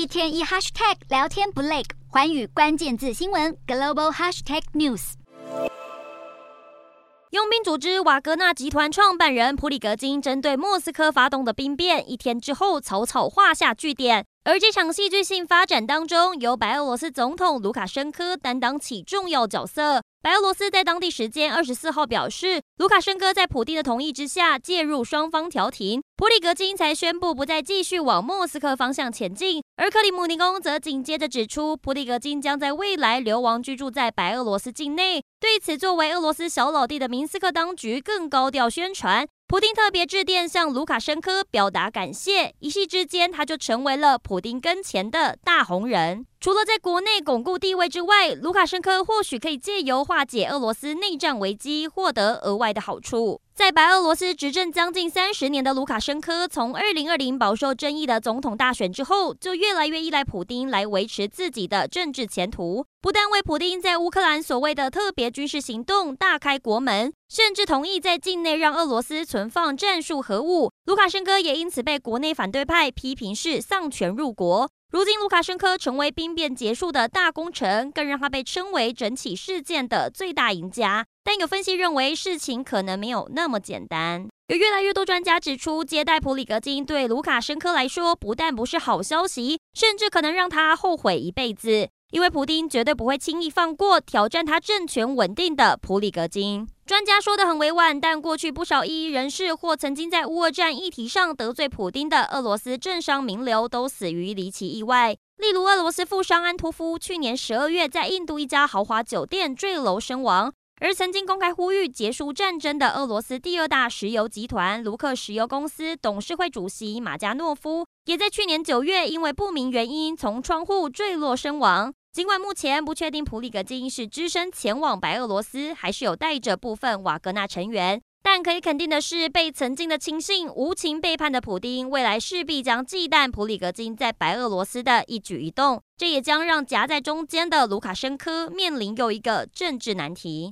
一天一 hashtag 聊天不累。a g 寰宇關鍵字新聞 global hashtag news。傭兵組織瓦格納集團創辦人普里格津針對莫斯科發動的兵變，一天之後草草畫下句點。而這場戲劇性發展當中，由白俄羅斯總統盧卡申科擔當起重要角色。白俄羅斯在當地時間二十四號表示，盧卡申科在普丁的同意之下介入雙方調停，普里格津才宣布不再繼續往莫斯科方向前進。而克里姆林宮則緊接着指出，普里格津將在未來流亡居住在白俄羅斯境內。對此，作為俄羅斯小老弟的明斯克當局更高調宣傳，普丁特別致電向盧卡申科表達感謝。一夕之間，他就成為了普丁跟前的大紅人。除了在國內鞏固地位之外，盧卡申科或許可以借由化解俄羅斯內戰危機，獲得額外的好處。在白俄羅斯執政將近三十年的盧卡申科，從二零二零飽受爭議的總統大選之後，就越來越依賴普丁來維持自己的政治前途。不但為普丁在烏克蘭所謂的特別軍事行動大開國門，甚至同意在境內讓俄羅斯存放戰術核武。盧卡申科也因此被國內反對派批評是喪權辱國。如今，盧卡申科成為兵變結束的大功臣，更讓他被稱為整起事件的最大贏家。但有分析認為，事情可能沒有那麼簡單。有越來越多專家指出，接待普里格津對魯卡申柯來說，不但不是好消息，甚至可能讓他後悔一輩子。因為普丁絕對不會輕易放過挑戰他政權穩定的普里格津。專家說得很委婉，但過去不少異議人士或曾經在烏俄戰議題上得罪普丁的俄羅斯政商名流，都死於離奇意外。例如，俄羅斯富商安托夫去年十二月在印度一家豪華酒店墜樓身亡。而曾經公開呼籲結束戰爭的俄羅斯第二大石油集團盧克石油公司董事會主席馬加諾夫，也在去年九月因為不明原因從窗戶墜落身亡。儘管目前不確定普里格金是只身前往白俄羅斯，還是有帶着部分瓦格納成員，但可以肯定的是，被曾經的親信無情背叛的普丁未來勢必將忌憚普里格金在白俄羅斯的一舉一動。這也將讓夾在中間的盧卡申科面臨又一個政治難題。